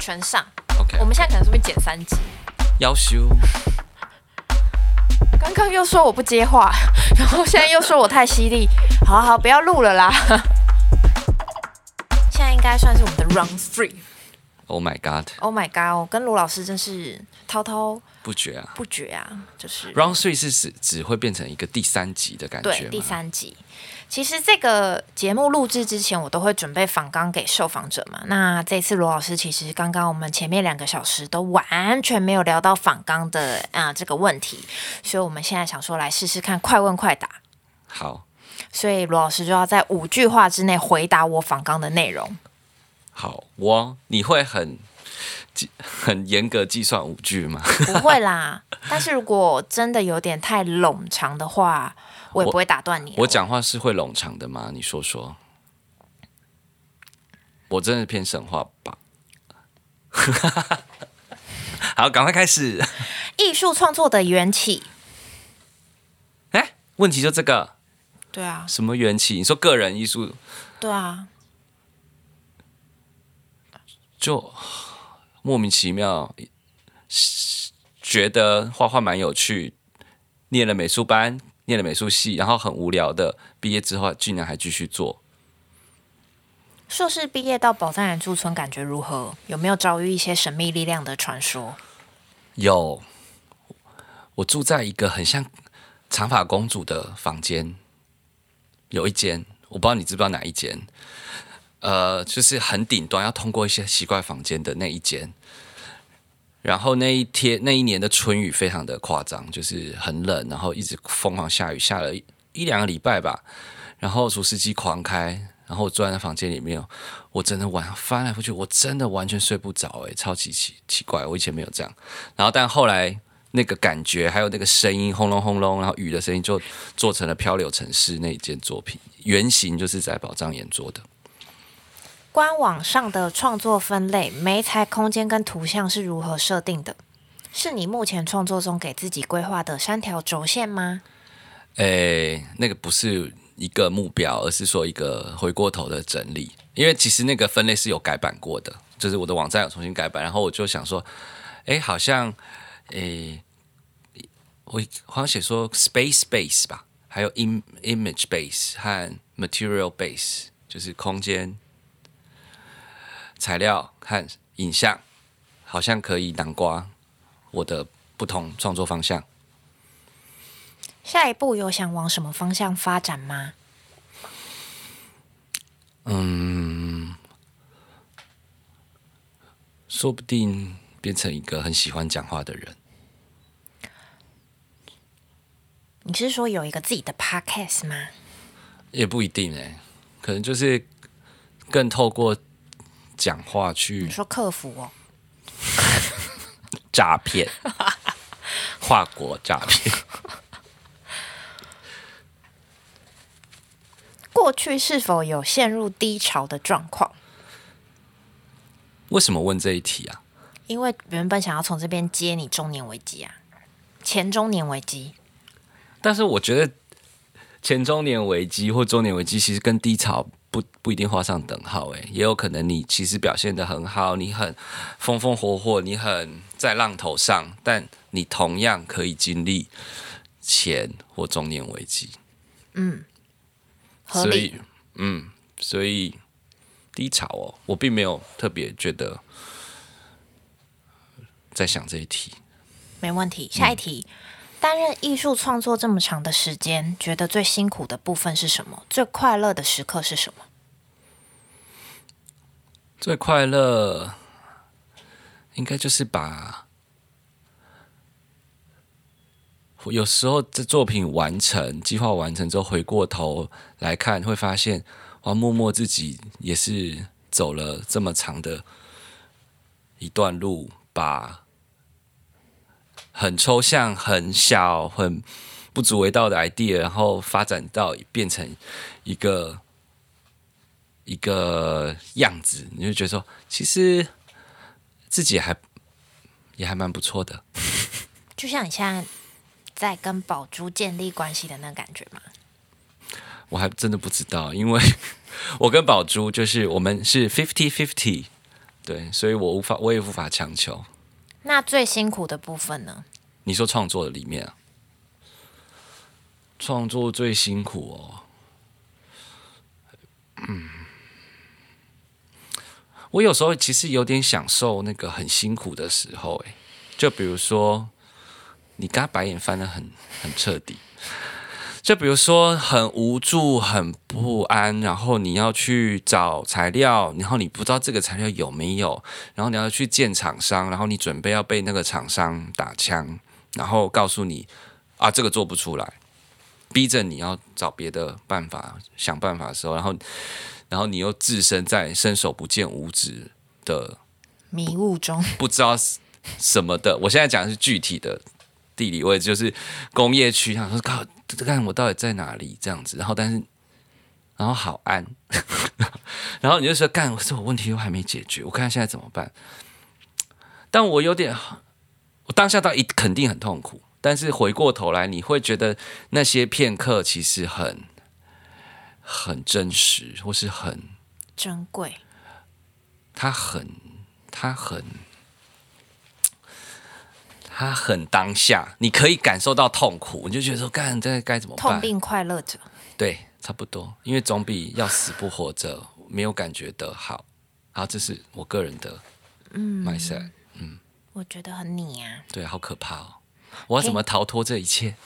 全上，OK。我們現在可能是會剪三集，夭壽。剛剛又說我不接話，然後現在又說我太犀利，好，好不要錄了啦。 現在應該算是我們的 Round Three。Oh my god! Oh my god! 我跟羅老師真是滔滔不絕啊，不絕啊，不絕啊，就是 Round Three 是只只會變成一個第三集的感覺。對，第三集。其實這個節目錄制之前，我都會準備訪綱給受訪者嘛。那這次羅老師，其實剛剛我們前面兩個小時都完全沒有聊到訪綱的啊、呃、這個問題，所以我們現在想說來試試看，快問快答。好。所以羅老師就要在五句話之內回答我訪綱的內容。好，我你會很很嚴格計算五句嗎？ 不會啦，但是如果真的有點太冗長的話，我也不會打斷你我。我講話是會冗長的嗎？你說說，我真的是偏神話吧？ 好，趕快開始。藝術創作的緣起，哎、欸，問題就這個。對啊，什麼緣起？你說個人藝術？對啊。就莫名其妙覺得畫畫蠻有趣，念了美術班，念了美術系，然後很無聊的畢業之後，竟然還繼續做。碩士畢業到寶藏巖駐村，感覺如何？有沒有遭遇一些神秘力量的傳說？有，我住在一個很像長髮公主的房間，有一間，我不知道你知不知道哪一間。呃，就是很頂端，要通過一些奇怪房間的那一間。然後那一天那一年的春雨非常的誇張，就是很冷，然後一直瘋狂下雨，下了一,一兩個禮拜吧。然後除濕機狂開，然後我坐在那房間裡面，我真的晚上翻來覆去，我真的完全睡不着、欸，誒，超級奇奇怪，我以前沒有這樣。然後但後來那個感覺，還有那個聲音，轟隆轟隆，隆，然後雨的聲音，就做成了《漂流城市》那一件作品，原型就是在寶藏巖做的。官網上的創作分類“媒材空間”跟“圖像”是如何設定的？是你目前創作中給自己規劃的三條軸線嗎？誒、欸，那個不是一個目標，而是說一個回過頭的整理。因為其實那個分類是有改版過的，就是我的網站有重新改版，然後我就想說，誒、欸，好像誒、欸，我好像寫說 “space base” 吧，還有 “im image base” 和 “material base”，就是空間。材料看影像，好像可以囊括我的不同創作方向。下一步有想往什麼方向發展嗎？嗯，說不定變成一個很喜歡講話的人。你是說有一個自己的 podcast 嗎？也不一定誒、欸。可能就是更透過。講話去，你說客服哦，詐 騙，跨國詐騙。過去是否有陷入低潮的狀況？為什麼問這一題啊？因為原本想要從這邊接你中年危機啊，前中年危機。但是我覺得前中年危機或中年危機其實跟低潮。不不一定畫上等號。欸，哎，也有可能你其實表現得很好，你很風風火火，你很在浪頭上，但你同樣可以經歷錢或中年危機。嗯，所以嗯，所以低潮哦，我並沒有特別覺得在想這一題。沒問題，下一題。嗯擔任藝術創作這麼長的時間，覺得最辛苦的部分是什麼？最快樂的時刻是什麼？最快樂應該就是把，有時候這作品完成、計劃完成之後，回過頭來看，會發現哇，默默自己也是走了這麼長的一段路，吧。很抽象、很小、很不足為道的 idea，然後發展到變成一個一個樣子，你就覺得說，其實自己還也還蠻不錯的。就像你現在在跟寶珠建立關係的那個感覺嗎？我還真的不知道，因為我跟寶珠就是我們是 fifty fifty，對，所以我無法，我也無法強求。那最辛苦的部分呢？你說創作的裡面啊，創作最辛苦哦。嗯，我有時候其實有點享受那個很辛苦的時候，誒，就比如說你剛白眼翻得很很徹底。就比如說很無助、很不安，然後你要去找材料，然後你不知道這個材料有沒有，然後你要去見廠商，然後你準備要被那個廠商打槍，然後告訴你啊，這個做不出來，逼着你要找別的辦法想辦法的時候，然後然後你又置身在伸手不見五指的迷霧中，不知道什麼的。我現在講的是具體的。地理位置就是工業區，他說：“靠，看幹我到底在哪裡？”這樣子，然後但是，然後好安， 然後你就說：“幹，我說我問題又還沒解決，我看，看現在怎麼辦？”但我有點，我當下到底肯定很痛苦，但是回過頭來，你會覺得那些片刻其實很，很真實，或是很珍貴。他很，他很。他很當下，你可以感受到痛苦，你就覺得說，幹，這該怎麼辦？痛並快樂着。對，差不多，因為總比要死不活着沒有感覺得好。好，這是我個人的 micep, 嗯，嗯 m y s i d 嗯，我覺得很你啊。對，好可怕哦！我要怎麼逃脫這一切？欸？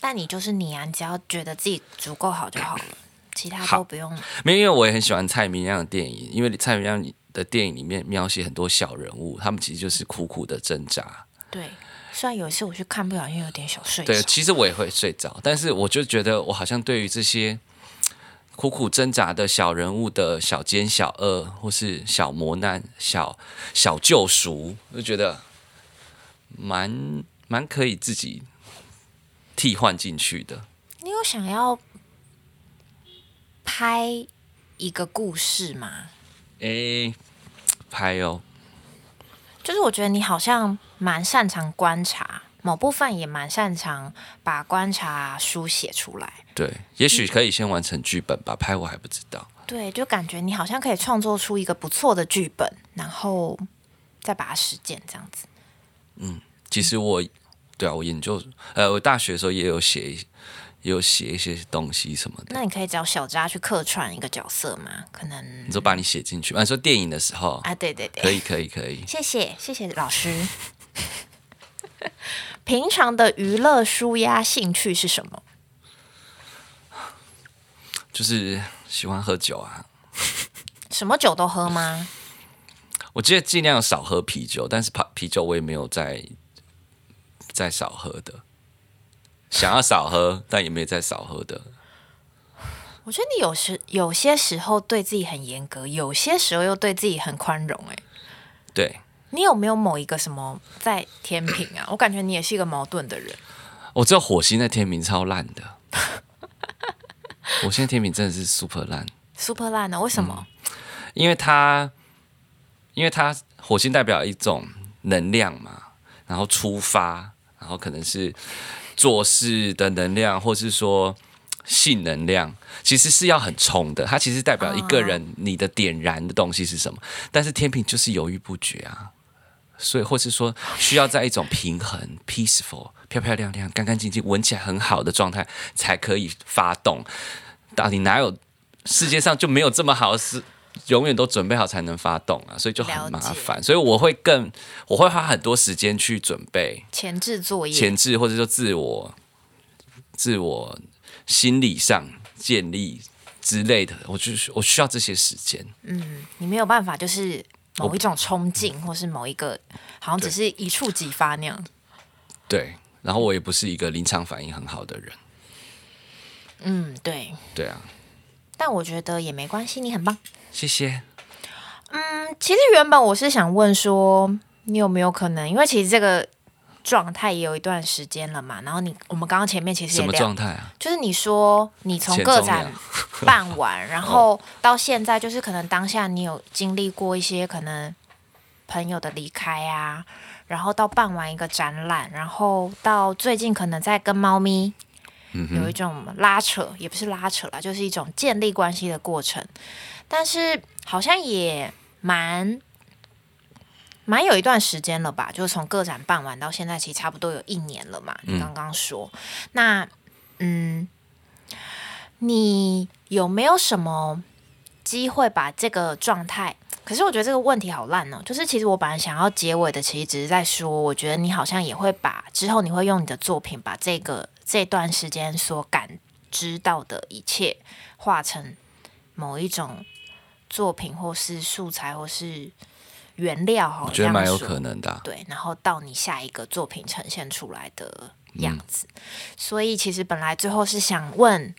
但你就是你啊，你只要覺得自己足夠好就好了咳咳，其他都不用。沒有，因為我也很喜歡蔡明亮的電影，因為蔡明亮。的電影裡面描寫很多小人物，他們其實就是苦苦的掙扎。對，雖然有一次我去看不了，因為有點小睡著。對，其實我也會睡着，但是我就覺得我好像對於這些苦苦掙扎的小人物的小奸小惡，或是小磨難、小小救贖，就覺得蠻蠻可以自己替換進去的。你有想要拍一個故事嗎？欸，拍哦！就是我覺得你好像蠻擅長觀察，某部分也蠻擅長把觀察書寫出來。對，也許可以先完成劇本吧，嗯，拍我還不知道。對，就感覺你好像可以創作出一個不錯的劇本，然後再把它實踐，這樣子。嗯，其實我，對啊，我研究，呃，我大學的時候也有寫。也有寫一些東西什麼的，那你可以找小扎去客串一個角色嗎？可能你就把你寫進去嘛？啊、你說電影的時候啊，對對對，可以可以可以。謝謝謝謝老師。 平常的娛樂舒壓興趣是什麼？就是喜歡喝酒啊。 什麼酒都喝嗎？ 我記得盡量少喝啤酒，但是怕啤酒我也沒有再再少喝的。想要少喝，但也沒有再少喝的。我覺得你有時有些時候對自己很嚴格，有些時候又對自己很寬容、欸。哎，對，你有沒有某一個什麼在天平啊？我感覺你也是一個矛盾的人。我只有火星在天平，超爛的。 火星的天平真的是 super 爛，super 爛、啊、呢？為什麼？因為他，因為他火星代表一種能量嘛，然後出發，然後可能是。做事的能量，或是說性能量，其實是要很衝的。它其實代表一個人你的點燃的東西是什麼。但是天平就是猶豫不決啊，所以或是說需要在一種平衡、 peaceful、漂漂亮亮、乾乾淨淨、聞起來很好的狀態才可以發動。到底哪有世界上就沒有這麼好的事？永遠都準備好才能發動啊，所以就很麻煩。所以我會更，我會花很多時間去準備前置作業、前置，或者說自我、自我心理上建立之類的。我就是我需要這些時間。嗯，你沒有辦法，就是某一種衝勁，或是某一個好像只是一觸即發那樣。對，然後我也不是一個臨場反應很好的人。嗯，對。對啊。但我覺得也沒關係，你很棒，謝謝。嗯，其實原本我是想問說，你有沒有可能，因為其實這個狀態也有一段時間了嘛。然後你，我們剛剛前面其實也聊，什麼狀態啊？就是你說你從個展辦完， 然後到現在，就是可能當下你有經歷過一些可能朋友的離開啊，然後到辦完一個展覽，然後到最近可能在跟貓咪。有一種拉扯，也不是拉扯啦，就是一種建立關係的過程。但是好像也蠻蠻有一段時間了吧？就是從個展辦完到現在，其實差不多有一年了嘛。你剛剛說，嗯那嗯，你有沒有什麼機會把這個狀態？可是我覺得這個問題好爛呢、啊。就是其實我本來想要結尾的，其實只是在說，我覺得你好像也會把之後你會用你的作品把這個。這段時間所感知到的一切，化成某一種作品，或是素材，或是原料好像，我覺得蠻有可能的啊。對，然後到你下一個作品呈現出來的樣子。嗯、所以，其實本來最後是想問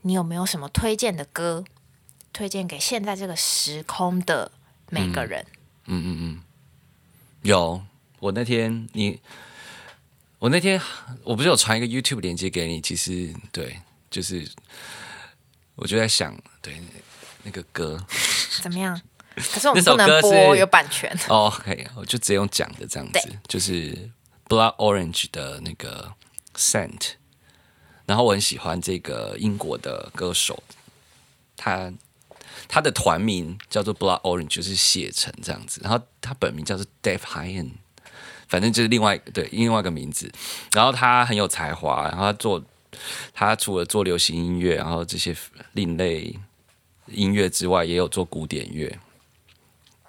你有沒有什麼推薦的歌，推薦給現在這個時空的每個人。嗯嗯，嗯嗯，有。我那天你。我那天我不是有傳一個 YouTube 鏈接給你，其實對，就是我就在想，對那個歌怎麼樣？可是我們不能播 那首歌有版權哦。可以，我就直接用講的這樣子，就是 Blood Orange 的那個 Saint。然後我很喜歡這個英國的歌手，他他的團名叫做 Blood Orange，就是寫成這樣子。然後他本名叫做 Dev Hynes 反正就是另外，對，另外一個名字，然後他很有才華，然後他做他除了做流行音樂，然後這些另類音樂之外，也有做古典樂，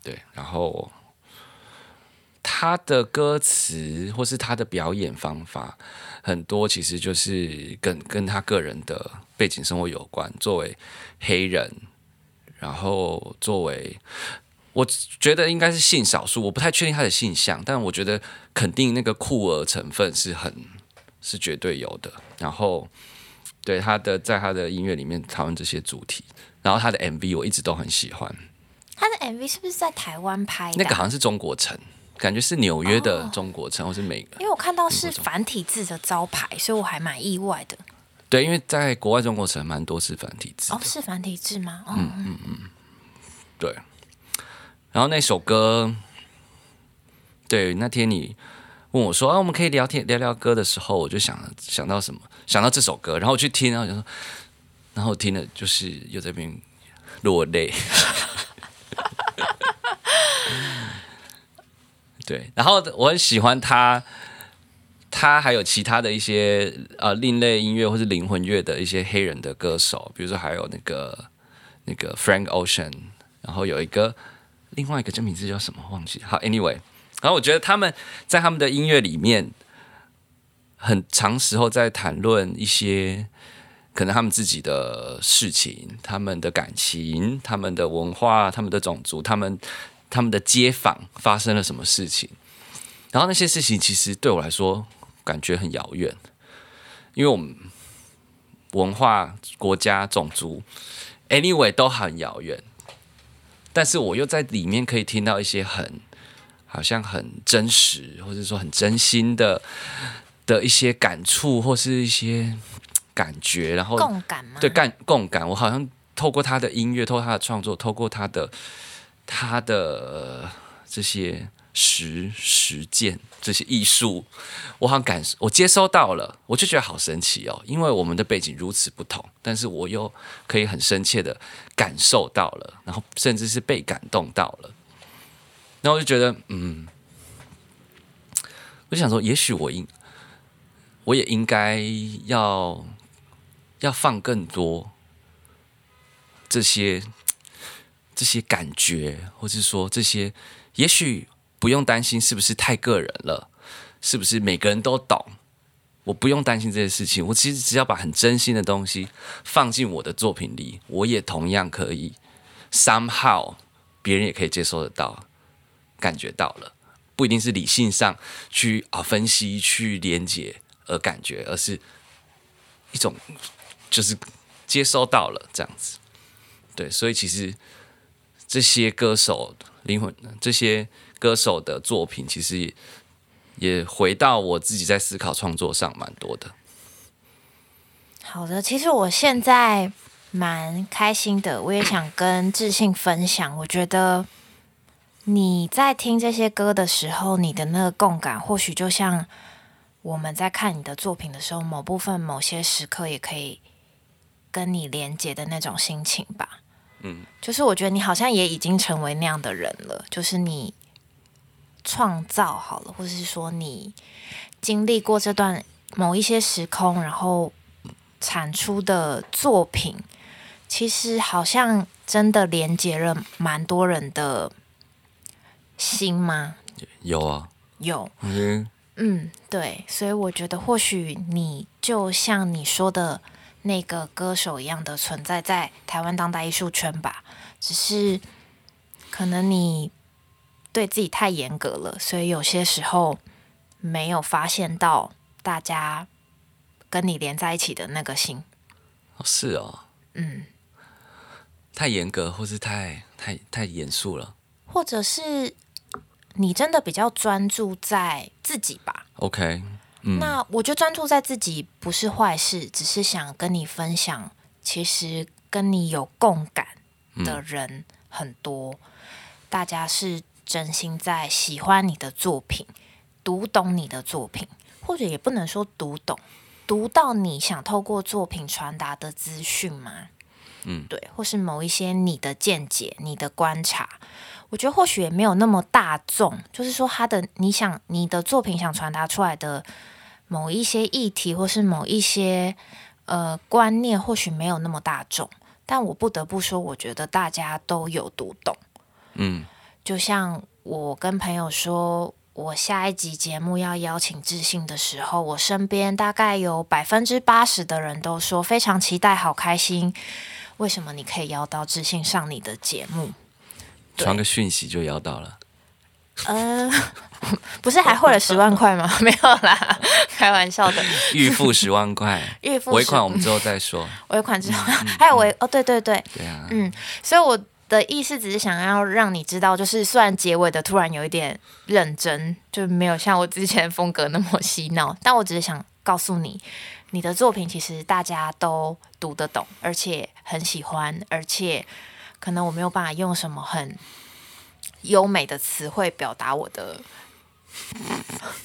對，然後他的歌詞或是他的表演方法，很多其實就是跟跟他個人的背景生活有關，作為黑人，然後作為。我覺得應該是性少數，我不太確定他的性向。但我覺得肯定那個酷兒成分是很是絕對有的。然後，對他的在他的音樂裡面討論這些主題，然後他的 MV 我一直都很喜歡。他的 MV 是不是在台灣拍的？那個好像是中國城，感覺是紐約的中國城，哦、或是美國。因為我看到是繁體字的招牌，所以我還蠻意外的。對，因為在國外中國城蠻多是繁體字。哦，是繁體字嗎？哦、嗯嗯嗯，對。然後那首歌，對那天你問我說啊，我們可以聊天聊聊歌的時候，我就想想到什麼，想到這首歌，然後我去聽，然後就說，然後聽了就是又在那邊落淚。哈哈哈！哈哈！對，然後我很喜歡他，他還有其他的一些呃另類音樂或是靈魂樂的一些黑人的歌手，比如說還有那個那個 Frank Ocean，然後有一個。另外一個真名字叫什麼？忘記。好，Anyway，然後我覺得他們在他們的音樂裡面，很長時候在談論一些可能他們自己的事情、他們的感情、他們的文化、他們的種族、他們他們的街坊發生了什麼事情。然後那些事情其實對我來說感覺很遙遠，因為我們文化、國家、種族，Anyway 都很遙遠。但是我又在裡面可以聽到一些很，好像很真實或者說很真心的的一些感觸或是一些感覺，然後共感嗎？對，感共感。我好像透過他的音樂，透過他的創作，透過他的他的這些。實實踐這些藝術，我好像感，我接收到了，我就覺得好神奇哦。因為我們的背景如此不同，但是我又可以很深切的感受到了，然後甚至是被感動到了。然後我就覺得，嗯，我就想說，也許我應，我也應該要要放更多這些這些感覺，或者說這些，也許。不用擔心是不是太個人了，是不是每個人都懂？我不用擔心這些事情，我其實只要把很真心的東西放進我的作品裡，我也同樣可以 somehow 別人也可以接收得到，感覺到了，不一定是理性上去啊分析去連接而感覺，而是一種就是接收到了這樣子。對，所以其實這些歌手靈魂這些。歌手的作品其實也，也回到我自己在思考創作上蠻多的。好的，其實我現在蠻開心的，我也想跟智信分享。 我覺得你在聽這些歌的時候，你的那個共感，或許就像我們在看你的作品的時候，某部分、某些時刻也可以跟你連接的那種心情吧。嗯，就是我覺得你好像也已經成為那樣的人了，就是你。創造好了，或是說你經歷過這段某一些時空，然後產出的作品，其實好像真的連接了蠻多人的心嗎？有啊，有。嗯，嗯對，所以我覺得或許你就像你說的那個歌手一樣的存在在台灣當代藝術圈吧，只是可能你。對自己太嚴格了，所以有些時候沒有發現到大家跟你連在一起的那個心。哦，是哦，嗯，太嚴格，或是太太太嚴肅了，或者是你真的比較專注在自己吧？OK，嗯，那我就專注在自己不是壞事，只是想跟你分享，其實跟你有共感的人很多，嗯，大家是。真心在喜歡你的作品，讀懂你的作品，或者也不能說讀懂，讀到你想透過作品傳達的資訊嗎？嗯，對，或是某一些你的見解、你的觀察，我覺得或許也沒有那麼大眾。就是說，他的你想你的作品想傳達出來的某一些議題，或是某一些呃觀念，或許沒有那麼大眾，但我不得不說，我覺得大家都有讀懂，嗯。就像我跟朋友說，我下一集節目要邀請智信的時候，我身邊大概有百分之八十的人都說非常期待，好開心。為什麼你可以邀到智信上你的節目、嗯？傳個訊息就邀到了。嗯、呃，不是還匯了十萬塊嗎？ 沒有啦，開玩笑的。預付十萬塊，預付尾款我們之後再說。尾、嗯、款之後、嗯嗯、還有尾哦，對對對，對啊，嗯，所以我。我的意思只是想要讓你知道，就是雖然結尾的突然有一點認真，就沒有像我之前風格那麼嬉鬧。但我只是想告訴你，你的作品其實大家都讀得懂，而且很喜歡，而且可能我沒有辦法用什麼很優美的詞彙表達我的，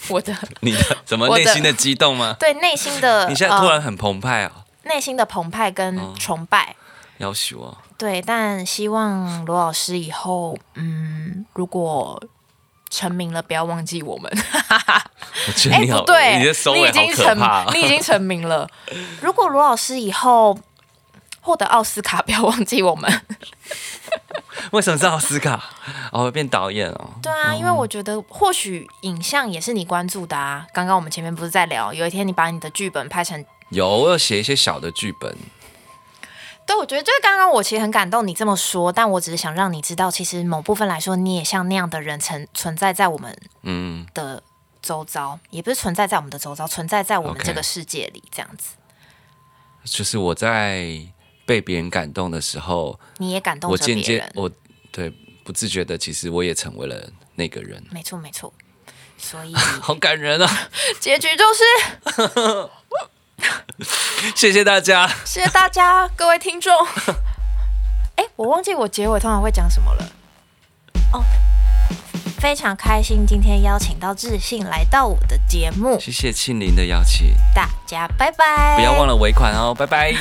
我的你的怎麼內心的激動嗎？對內心的，你現在突然很澎湃啊！內、嗯、心的澎湃跟崇拜，優、哦、我對，但希望羅老師以後，嗯，如果成名了，不要忘記我們。哎， 欸、不對你，你已經成， 你已經成名了。如果羅老師以後獲得奧斯卡，不要忘記我們。 為什麼是奧斯卡？哦、oh，變導演哦。對啊、嗯，因為我覺得或許影像也是你關注的啊。剛剛我們前面不是在聊，有一天你把你的劇本拍成有，我有寫一些小的劇本。對，我覺得就是剛剛我其實很感動你這麼說，但我只是想讓你知道，其實某部分來說，你也像那樣的人存存在在我們嗯的周遭、嗯，也不是存在在我們的周遭，存在在我們這個世界裡，Okay. 這樣子。就是我在被別人感動的時候，你也感動著別人，我間接我對不自覺的，其實我也成為了那個人。沒錯沒錯，所以 好感人啊！結局就是。 謝，謝，謝謝大家，謝謝大家，各位聽眾。哎、欸，我忘記我結尾通常會講什麼了。哦、oh，非常開心今天邀請到智信來到我的節目。謝謝慶玲的邀請。大家拜拜， 不要忘了尾款哦，拜拜。